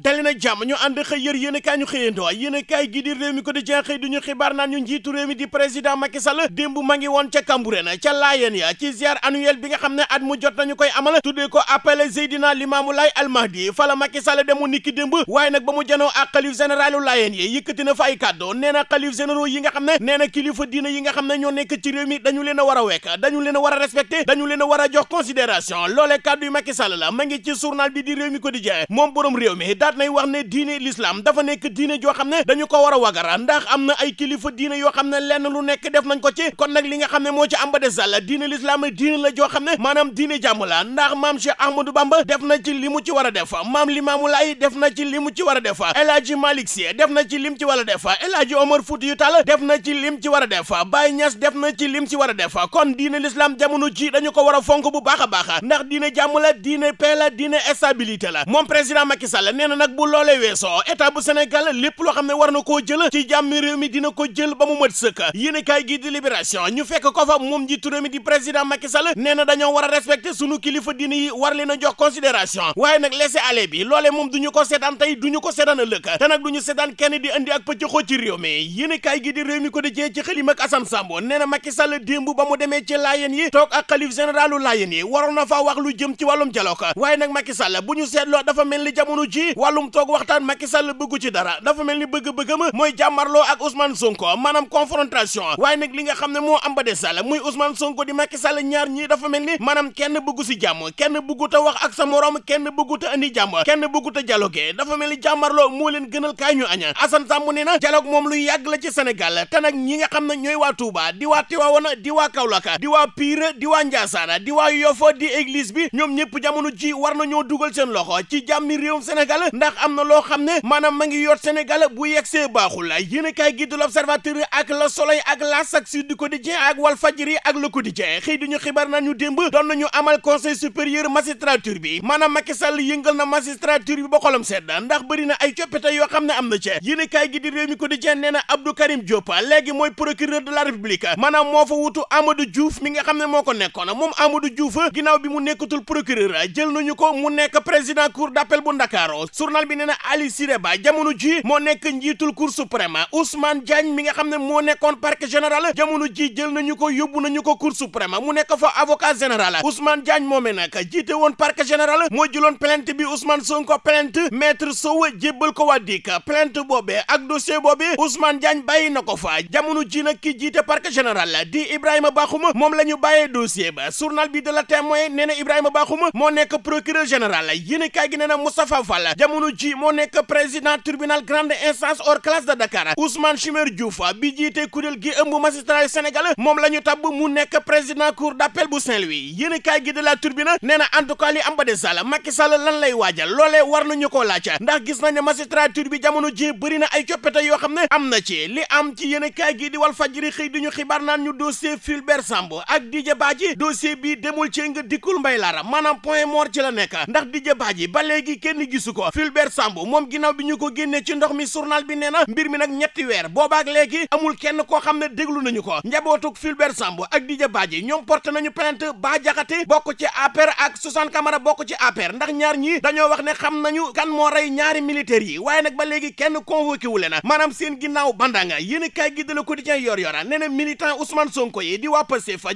dali na jàmm ñu ànd xëy yër yéen a kaay ñu xëyandoo yéen a kaay gi di réew mi ko di jeex xëy du ñu xibaar naan ñu njiitu réew mi di président Macky Sall démb ma ngi woon ca Cambérène ca Laayeen ya ci ziar annuel bi nga xam ne at mu jot nañu koy amal tuddee ko appelé Seydina Limamou Laye Al Mahdi fa la Macky Sall demu niki démb waaye nag ba mu janoo ak xalif généralu Laayeen yi yëkkati na fa ay kàddu nee na xalif généraux yi nga xam ne nee na kilifa diina yi nga xam ne ñoo nekk ci réew mi dañu leen war a wekk dañu leen a dañu leen a war a jox considération loolee kàddu yi Macky Sall la ma ngi bi di réew mi ko di jeex moom borom réew mi daat nay wax ne diine l'islam dafa nekk diine joo xam ne dañu ko war a wagara ndax am na ay kilifa diine yoo xam ne lenn lu nekk def nañ ko ci kon nag li nga xam ne moo ci am ba des la diine l'islam diine la joo xam ne maanaam diine jàmm la ndax maam Cheikh Ahmadou Bamba def na ci li mu ci war a maam Limaamu Laay def na ci li mu ci war a def El Hadji Malick Sy def na ci lim ci war a def El Hadji Omar Foutiyou def na ci lim ci war a def Baye def na ci lim ci war a def kon diine ko war a fonk bu baax a baax ndax diine jàmm la diine paix la diine la nag bu loolee weesoo état bu Sénégal lépp loo xam ne war na koo jël ci jàmm réew mi dina ko jël ba mu mët sëkk yéen kaay gi di libération ñu fekk ko fa moom ji turam di président Macky Sall nee na dañoo war a suñu sunu kilifa diine yi war leen a jox considération waaye nag laisser aller bi loole moom duñu ko seetaan tey du ko seetaan ëllëg te nag du ñu seetaan kenn di andi ak pëccëxoo ci réew mi yéen kaay gi di réew mi ko dëjee ci xëlim ak Assane Samb nee na Macky Sall démb ba mu demee ci laayeen yi toog ak xalif généralu laayeen yi waroon na faa wax lu jëm ci wàllum waaye nag Macky Sall bu ñu seetloo dafa mel ni jamono ji wàllum toog waxtaan Macky Sall bëggu ci dara dafa mel ni bëgg ma mooy jàmmarloo ak Ousmane Sonko manaam confrontation waaye nag li nga xam ne moo amba desal muy Ousmane Sonko di Macky Sall ñaar ñii dafa mel ni maanaam kenn bëggu si jàmm kenn bëggu ta wax ak sa morom kenn bëggut ta andi jàmm kenn bëggu a dialogue dafa mel ni jàmmarloo moo leen gënal kaa ñu aña Assane Samb nee na dialogue moom lu yàgg la ci Sénégal te nag ñi nga xam ne ñooy waa Touba di waa Tivaouane di waa Kaolack di waa Pire di waa Ndiassane di waa Yoff di église bi ñoom ñëpp jamono ji war na ñoo dugal seen loxo ci jàmmi réewum Sénégal ndax am na loo xam ne maanaam ma ngi yoot Sénégal bu yegsee baaxul yéen a kaay gi di l'Observateur ak Le Soleil ak L'As ak Sud Quotidien ak wal fajiri ak Le Quotidien xëy di ñu xibar naan ñu démb doon nañu amal conseil supérieur magistrature bi maanaam Macky Sall yëngal na magistrature bi ba xolam sedd ndax bëri na ay coppite yoo xam ne am na ci yéen a kaay gi di Rewmi Quotidien nee na Abdou Karim Diop léegi mooy procureur de la République maanaam moo fa wutu Amadou Diouf mi xam ne moo ko nekkoon moom Amadou Diouf ginnaaw bi mu nekkatul procureur jël nañu ko mu nekk président cour d'appel bu Ndakaaru journal bi nee na Ali Siré Ba jamono ji moo nekk njiitul Cour suprême Ousmane Diagne mi nga xam ne moo nekkoon parquet général jamono ji jël nañu ko yóbbu nañu ko Cour suprême mu nekk fa avocat général Ousmane Diagne moomee nag jiite woon parquet général moo jëloon plainte bi Ousmane Sonko plainte maître Sow jébbal ko waa DIC plainte boobe ak dossier boobee Ousmane Diagne bàyyi na ko fa jamono ji nag kii jiite parquet général di Ibrahima Bakhoum moom la ñu bàyyee dossier ba journal bi de la témoin nee na Ibrahima Bakhoum moo nekk procureur général yéen a kaay gi nee na Moustapha Fall jamono ji moo nekk président tribunal grande instance hors classe de Dakar Ousmane Chimère Diouf bi jiite kuréel gi ëmb magistrat yu Sénégal moom la ñu tabb mu nekk président cour d'appel bu Saint-Louis yéen kaay gi de la tribune nee na en tout cas li am ba de sall Macky Sall lan lay waajal loolee war nañu koo laaj ndax gis nañ ne magistrature bi jamono ji bëri na ay coppite yoo xam ne am na ci li am ci yéen kaay gi di Walf Fadjri xëy du ñu xibaar naan ñu dossier Fulbert Sambou ak Didier Badji dossier bi demul ci nga dikkul mbay laara maanaam point mort ci la nekk ndax Didier Badji ba léegi kenn gisu ko Fulbert Sambou moom ginnaaw bi ñu ko génnee ci ndox mi journal bi nee na mbir mi nag ñetti weer boobaak léegi amul kenn koo xam ne déglu nañu ko njabootu Fulbert Sambou ak Didier Badji ñoom porté nañu plainte Bah Diakhaté bokk ci APR ak Sousane Camara bokk ci APR ndax ñaar ñi dañoo wax ne xam nañu kan moo rey ñaari militaires yi waaye nag ba léegi kenn convoqué wu na maanaam seen ginnaaw bandanga yéen a kaay gi de Le Quotidien yor yora nee na militant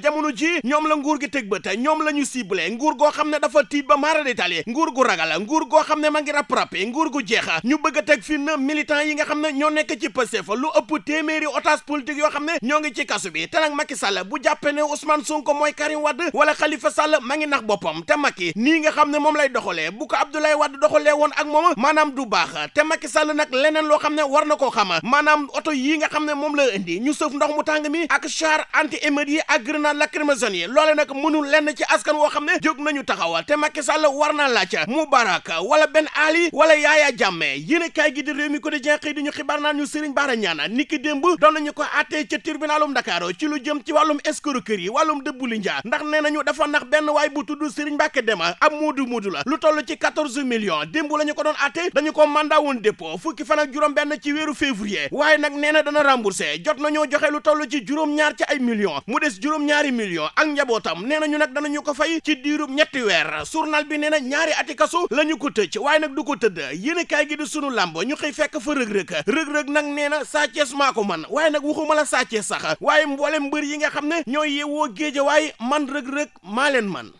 la nguur gi teg bët ñoom la ñu ciblé nguur goo xam ne dafa tiit ba maara détaillé nguur gu ragal nguur goo xam ne ma ngi frappé nguur gu jeexa ñu bëgg a teg fin na militants yi nga xam ne ñoo nekk ci Pastef lu ëpp téeméeri otage politique yoo xam ne ñoo ngi ci kasu bi te nag Macky Sall bu jàppee ne Ousmane Sonko mooy Karim Wade wala Khalifa Sall ma ngi nax boppam te Macky nii nga xam ne moom lay doxalee bu ko Abdoulaye Wade doxalee woon ak moom maanaam du baax te Macky Sall nag leneen loo xam ne war na koo xama maanaam oto yi nga xam ne moom la indi ñu sëf ndox mu tàng mi ak char anti émeute yi ak grenade lacrymogène yi loole nag mënul lenn ci askan woo xam ne jóg nañu taxawal te Macky Sall war naa laaj Moubarak wala Ben Faye wala Yaya Jammeh yéenekaay gi di Rewmi ko xëy di ñu xibaar naan ñu Serigne Bara Niane niki démb doon nañu ko àttee ca tribunalum Dakar ci lu jëm ci wàllum escroquerie wàllum dëbbu li njaar ndax nee nañu dafa nax benn waay bu tudd Serigne Mbacké Dema ab muudu muudu la lu toll ci quatorze millions démb la ñu ko doon àttee dañu ko mandat woon dépôt fukki fan ak juróom benn ci weeru février waaye nag nee na dana remboursé jot nañoo joxe lu toll ci juróom-ñaar ci ay millions mu des juróom-ñaari millions ak njabootam nee nañu nag danañu ko fay ci diirub ñetti weer journal bi nee na ñaari ati la ko ko tëdd yéenekaay gi di sunu làmb ñu xëy fekk fa rëg-rëg rëg nag nee na Sa Thiès maa ko man waaye nag waxuma la Sa Thiès sax waaye mboolem mbër yi nga xam ne ñooy yeewoo waaye man rëg-rëg maa leen man